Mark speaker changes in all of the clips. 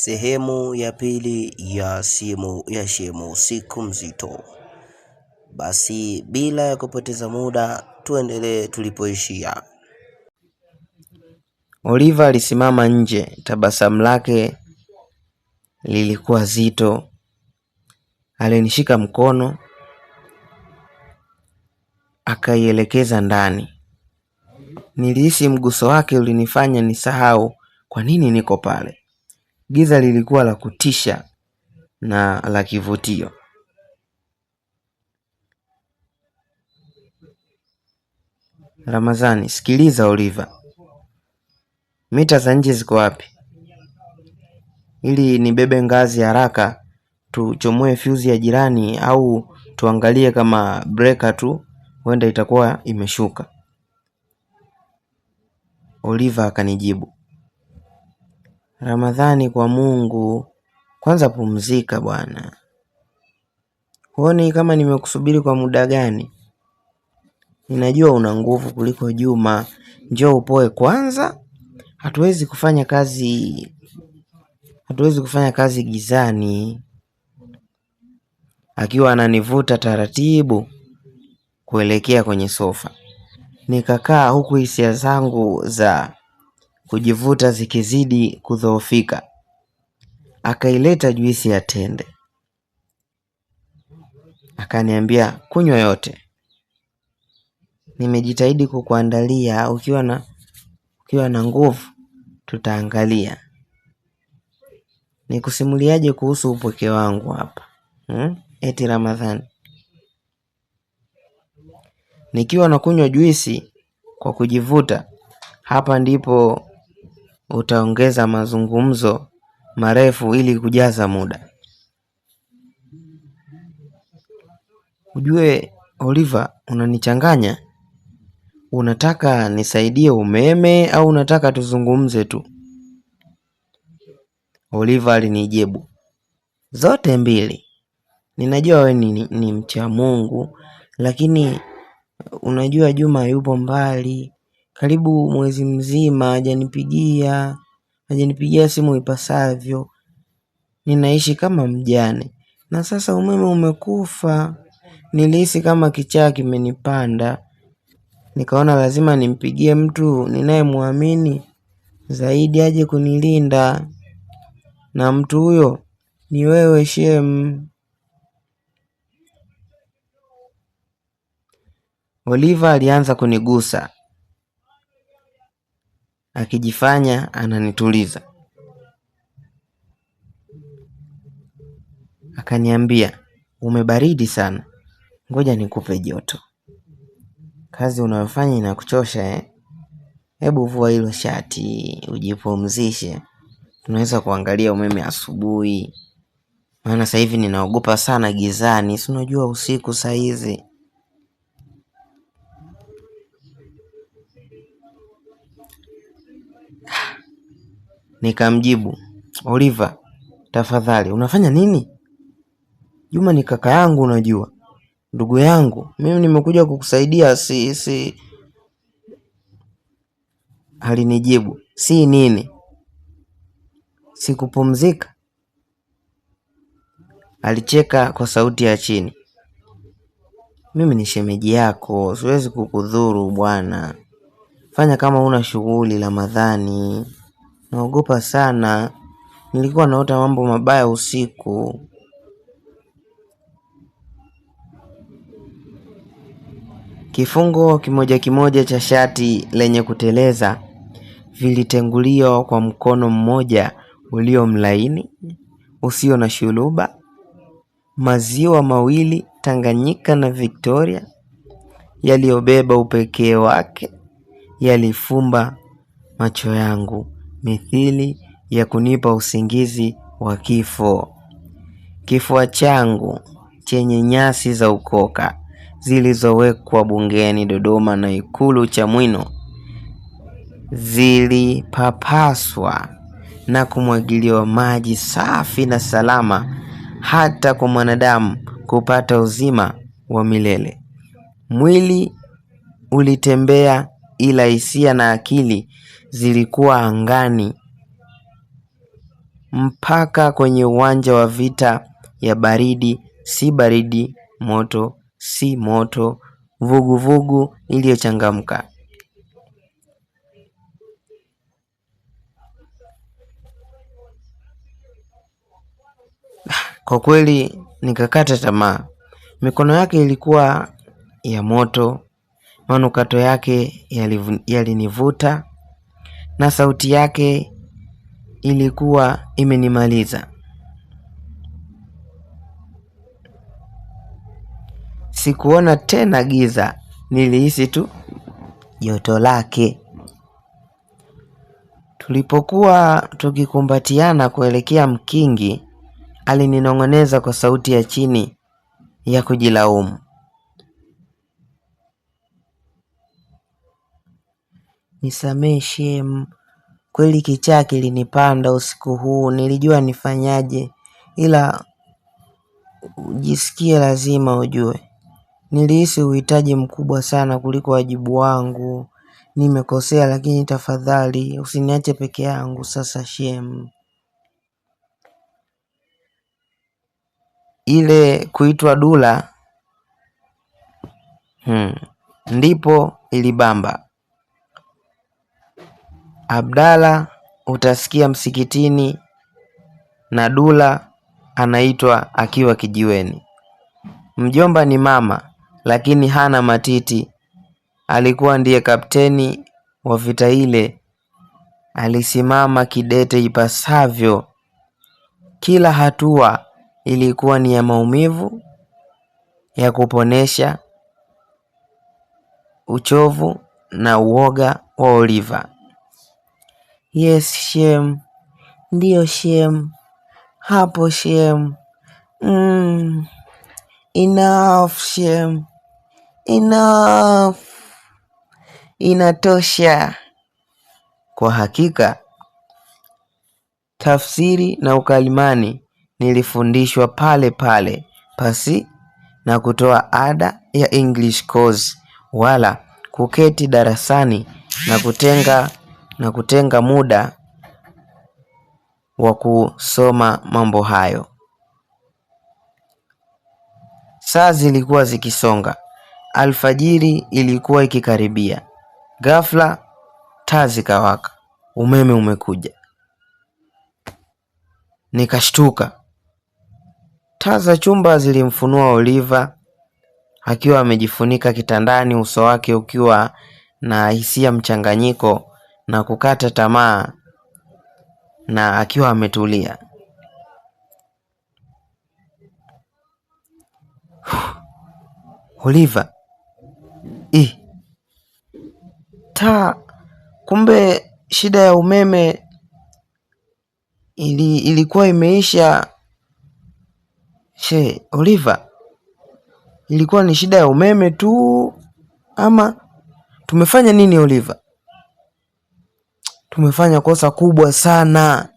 Speaker 1: Sehemu ya pili ya simu ya Shemu usiku mzito. Basi bila ya kupoteza muda, tuendelee tulipoishia.
Speaker 2: Oliva alisimama nje, tabasamu lake lilikuwa zito. Alinishika mkono akaielekeza ndani. Nilihisi mguso wake ulinifanya nisahau kwa nini niko pale. Giza lilikuwa la kutisha na la kivutio ramazani sikiliza Oliva, mita za nje ziko wapi ili nibebe ngazi haraka, tuchomoe fuse ya jirani au tuangalie kama breaker tu, huenda itakuwa imeshuka. Oliva akanijibu Ramadhani kwa Mungu, kwanza pumzika bwana. Huoni kama nimekusubiri kwa muda gani? Ninajua una nguvu kuliko Juma, njoo upoe kwanza. Hatuwezi kufanya kazi, hatuwezi kufanya kazi gizani. Akiwa ananivuta taratibu kuelekea kwenye sofa, nikakaa huku hisia zangu za kujivuta zikizidi kudhoofika, akaileta juisi ya tende, akaniambia kunywa yote. Nimejitahidi kukuandalia, ukiwa na ukiwa na nguvu tutaangalia nikusimuliaje kuhusu upweke wangu hapa hmm? Eti Ramadhani nikiwa nakunywa juisi kwa kujivuta, hapa ndipo Utaongeza mazungumzo marefu ili kujaza muda. Ujue Oliver, unanichanganya. Unataka nisaidie umeme au unataka tuzungumze tu? Oliver alinijibu, zote mbili. Ninajua we ni, ni, ni mcha Mungu, lakini unajua Juma yupo mbali, karibu mwezi mzima hajanipigia, hajanipigia simu ipasavyo. Ninaishi kama mjane, na sasa umeme umekufa. Nilihisi kama kichaa kimenipanda, nikaona lazima nimpigie mtu ninayemwamini zaidi aje kunilinda, na mtu huyo ni wewe Shem. Oliva alianza kunigusa akijifanya ananituliza. Akaniambia, umebaridi sana, ngoja nikupe joto. Kazi unayofanya inakuchosha eh? Hebu vua hilo shati ujipumzishe, tunaweza kuangalia umeme asubuhi, maana sasa hivi ninaogopa sana gizani, si unajua usiku saa hizi. Nikamjibu, Oliva, tafadhali unafanya nini? Juma ni kaka yangu, unajua ndugu yangu, mimi nimekuja kukusaidia, si si. Alinijibu, si nini? Sikupumzika. Alicheka kwa sauti ya chini. Mimi ni shemeji yako, siwezi kukudhuru bwana. Fanya kama una shughuli Ramadhani. Naogopa sana. Nilikuwa naota mambo mabaya usiku. Kifungo kimoja kimoja cha shati lenye kuteleza vilitenguliwa kwa mkono mmoja ulio mlaini usio na shuluba. Maziwa mawili Tanganyika na Victoria yaliyobeba upekee wake yalifumba macho yangu mithili ya kunipa usingizi wa kifo. Kifua changu chenye nyasi za ukoka zilizowekwa bungeni Dodoma na Ikulu Chamwino zilipapaswa na kumwagiliwa maji safi na salama, hata kwa mwanadamu kupata uzima wa milele. Mwili ulitembea, ila hisia na akili zilikuwa angani mpaka kwenye uwanja wa vita ya baridi si baridi, moto si moto, vuguvugu iliyochangamka. Kwa kweli nikakata tamaa. Mikono yake ilikuwa ya moto, manukato yake yalinivuta, na sauti yake ilikuwa imenimaliza. Sikuona tena giza, nilihisi tu joto lake. Tulipokuwa tukikumbatiana kuelekea mkingi, alininong'oneza kwa sauti ya chini ya kujilaumu. nisamee shemu, kweli kichaa kilinipanda usiku huu, nilijua nifanyaje, ila ujisikie lazima ujue, nilihisi uhitaji mkubwa sana kuliko wajibu wangu. Nimekosea, lakini tafadhali usiniache peke yangu sasa shem Ile kuitwa Dula hmm, ndipo ilibamba. Abdalla utasikia msikitini na Dula anaitwa akiwa kijiweni. Mjomba ni mama lakini hana matiti. Alikuwa ndiye kapteni wa vita ile, alisimama kidete ipasavyo. Kila hatua ilikuwa ni ya maumivu, ya kuponesha uchovu na uoga wa Oliva. Yes shem. Ndiyo shem. Hapo shem. Mm. Enough shem. Enough. Inatosha. Kwa hakika tafsiri na ukalimani nilifundishwa pale pale pasi na kutoa ada ya English course wala kuketi darasani na kutenga na kutenga muda wa kusoma mambo hayo. Saa zilikuwa zikisonga, alfajiri ilikuwa ikikaribia. Ghafla taa zikawaka, umeme umekuja. Nikashtuka. Taa za chumba zilimfunua Oliva akiwa amejifunika kitandani, uso wake ukiwa na hisia mchanganyiko na kukata tamaa na akiwa ametulia. Oliva i ta kumbe shida ya umeme ili, ilikuwa imeisha. She Oliva, ilikuwa ni shida ya umeme tu ama tumefanya nini Oliva? Umefanya kosa kubwa sana.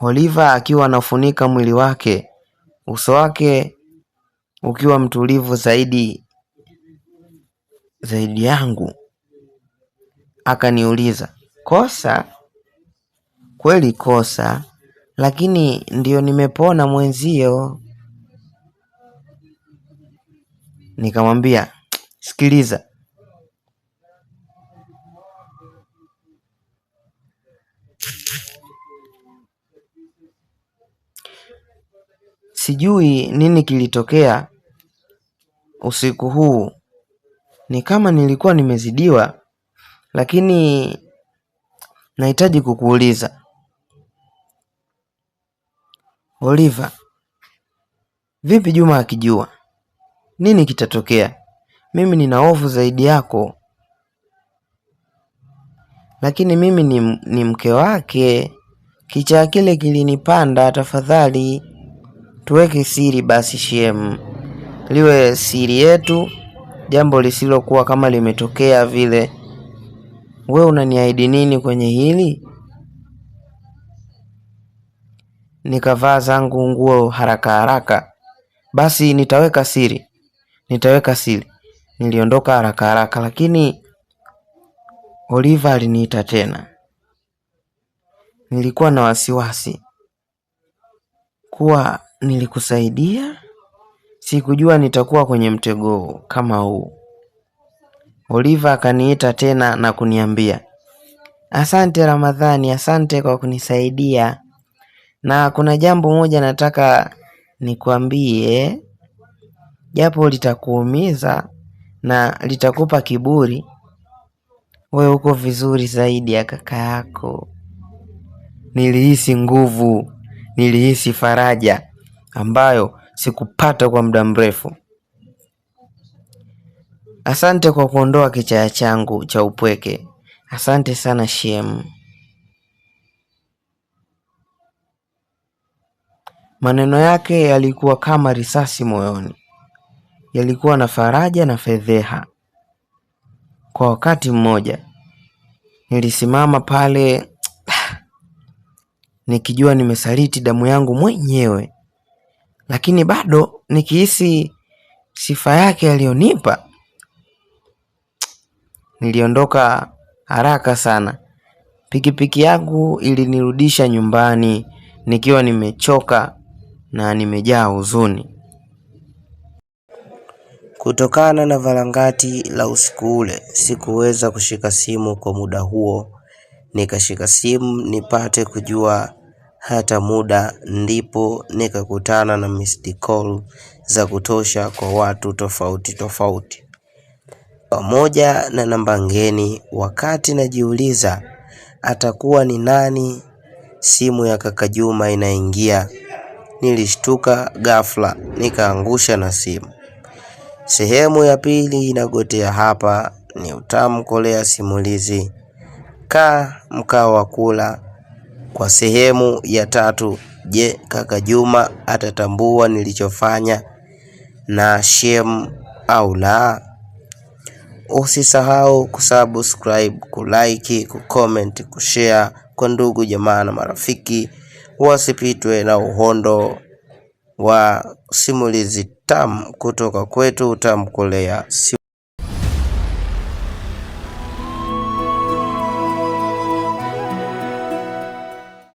Speaker 2: Oliva akiwa anafunika mwili wake, uso wake ukiwa mtulivu zaidi zaidi yangu. Akaniuliza, kosa kweli? Kosa, lakini ndio nimepona mwenzio. Nikamwambia, sikiliza, Sijui nini kilitokea usiku huu, ni kama nilikuwa nimezidiwa, lakini nahitaji kukuuliza Oliva, vipi Juma akijua nini kitatokea? Mimi nina hofu zaidi yako lakini mimi ni, ni mke wake. Kichaa kile kilinipanda. Tafadhali tuweke siri basi, shemu, liwe siri yetu, jambo lisilokuwa kama limetokea vile. We unaniahidi nini kwenye hili? Nikavaa zangu nguo haraka haraka. Basi nitaweka siri, nitaweka siri. Niliondoka haraka haraka, lakini Oliva aliniita tena nilikuwa na wasiwasi kuwa nilikusaidia. Sikujua nitakuwa kwenye mtego kama huu. Oliva akaniita tena na kuniambia, asante Ramadhani, asante kwa kunisaidia, na kuna jambo moja nataka nikuambie, japo litakuumiza na litakupa kiburi, wewe uko vizuri zaidi ya kaka yako. Nilihisi nguvu, nilihisi faraja ambayo sikupata kwa muda mrefu. Asante kwa kuondoa kichaya changu cha upweke. Asante sana shemu. Maneno yake yalikuwa kama risasi moyoni, yalikuwa na faraja na fedheha kwa wakati mmoja. Nilisimama pale nikijua nimesaliti damu yangu mwenyewe, lakini bado nikihisi sifa yake aliyonipa. Niliondoka haraka sana. Pikipiki yangu ilinirudisha nyumbani nikiwa nimechoka na nimejaa huzuni. Kutokana na varangati la usiku ule, sikuweza kushika simu kwa muda huo, nikashika simu nipate kujua hata muda, ndipo nikakutana na missed call za kutosha kwa watu tofauti tofauti pamoja na namba ngeni. Wakati najiuliza atakuwa ni nani, simu ya kaka Juma inaingia. Nilishtuka ghafla, nikaangusha na simu. Sehemu ya pili inagotea hapa ni utamu kolea simulizi. Kaa mkao wa kula. Kwa sehemu ya tatu, je, kaka Juma atatambua nilichofanya na shemu au la? Usisahau kusubscribe, kulike, kucomment, kushare kwa ndugu jamaa na marafiki, wasipitwe na uhondo wa simulizi. Tam kutoka kwetu utamkolea Kolea.